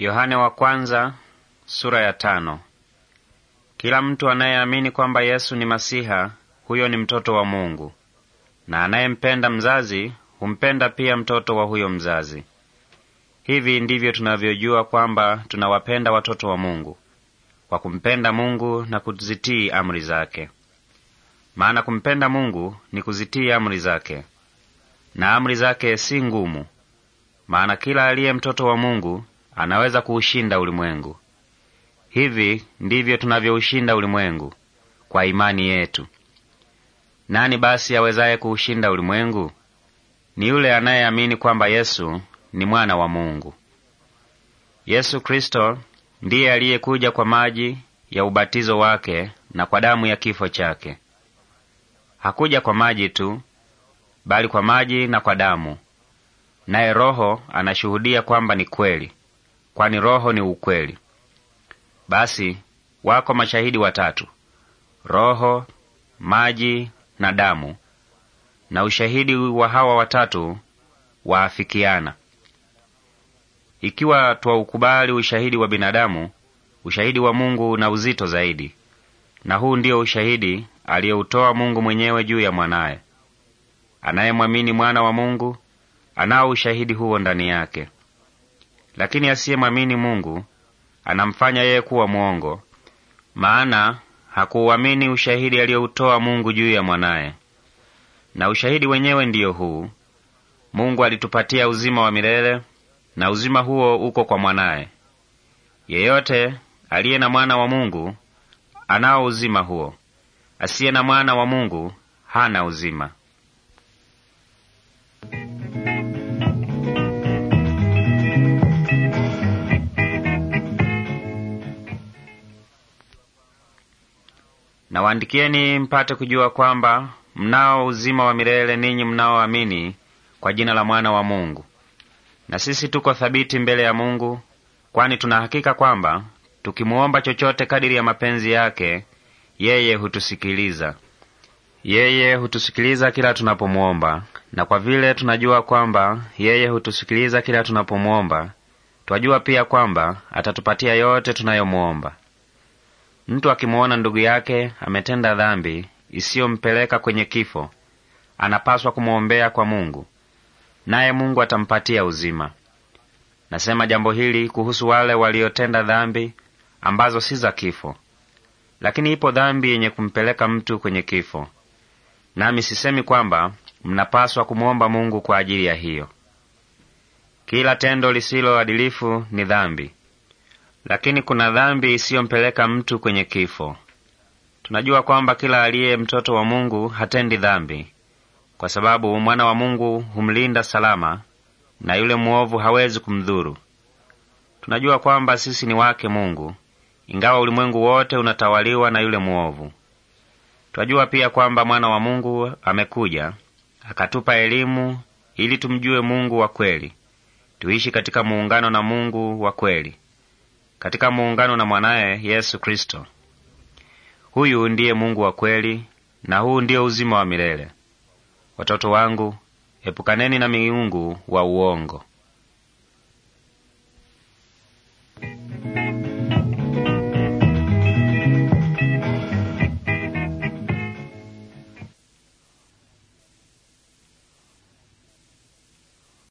Yohane wa kwanza, sura ya tano. Kila mtu anayeamini kwamba Yesu ni Masiha, huyo ni mtoto wa Mungu, na anayempenda mzazi humpenda pia mtoto wa huyo mzazi. Hivi ndivyo tunavyojua kwamba tunawapenda watoto wa Mungu, kwa kumpenda Mungu na kuzitii amri zake. Maana kumpenda Mungu ni kuzitii amri zake, na amri zake si ngumu. Maana kila aliye mtoto wa Mungu anaweza kuushinda ulimwengu. Hivi ndivyo tunavyoushinda ulimwengu kwa imani yetu. Nani basi awezaye kuushinda ulimwengu? Ni yule anayeamini kwamba Yesu ni mwana wa Mungu. Yesu Kristo ndiye aliyekuja kwa maji ya ubatizo wake na kwa damu ya kifo chake. Hakuja kwa maji tu, bali kwa maji na kwa damu, naye Roho anashuhudia kwamba ni kweli kwani Roho ni ukweli. Basi wako mashahidi watatu: Roho, maji na damu, na ushahidi wa hawa watatu waafikiana. Ikiwa twaukubali ushahidi wa binadamu, ushahidi wa Mungu una uzito zaidi, na huu ndio ushahidi aliyeutoa Mungu mwenyewe juu ya mwanaye. Anayemwamini mwana wa Mungu anao ushahidi huo ndani yake. Lakini asiyemwamini Mungu anamfanya yeye kuwa mwongo, maana hakuuamini ushahidi aliyoutoa Mungu juu ya mwanaye. Na ushahidi wenyewe ndiyo huu: Mungu alitupatia uzima wa milele, na uzima huo uko kwa mwanaye. Yeyote aliye na mwana wa Mungu anao uzima huo; asiye na mwana wa Mungu hana uzima. Nawaandikieni mpate kujua kwamba mnao uzima wa milele ninyi mnaoamini kwa jina la mwana wa Mungu. Na sisi tuko thabiti mbele ya Mungu, kwani tunahakika kwamba tukimuomba chochote kadiri ya mapenzi yake, yeye hutusikiliza. Yeye hutusikiliza kila tunapomuomba, na kwa vile tunajua kwamba yeye hutusikiliza kila tunapomuomba, twajua pia kwamba atatupatia yote tunayomuomba. Mtu akimwona ndugu yake ametenda dhambi isiyompeleka kwenye kifo, anapaswa kumwombea kwa Mungu, naye Mungu atampatia uzima. Nasema jambo hili kuhusu wale waliotenda dhambi ambazo si za kifo, lakini ipo dhambi yenye kumpeleka mtu kwenye kifo, nami sisemi kwamba mnapaswa kumwomba Mungu kwa ajili ya hiyo. Kila tendo lisiloadilifu ni dhambi, lakini kuna dhambi isiyompeleka mtu kwenye kifo. Tunajua kwamba kila aliye mtoto wa Mungu hatendi dhambi, kwa sababu mwana wa Mungu humlinda salama, na yule mwovu hawezi kumdhuru. Tunajua kwamba sisi ni wake Mungu, ingawa ulimwengu wote unatawaliwa na yule mwovu. Twajua pia kwamba mwana wa Mungu amekuja akatupa elimu ili tumjue Mungu wa kweli, tuishi katika muungano na Mungu wa kweli katika muungano na mwanaye Yesu Kristo. Huyu ndiye Mungu wa kweli, na huu ndiyo uzima wa milele. Watoto wangu, epukaneni na miungu wa uongo.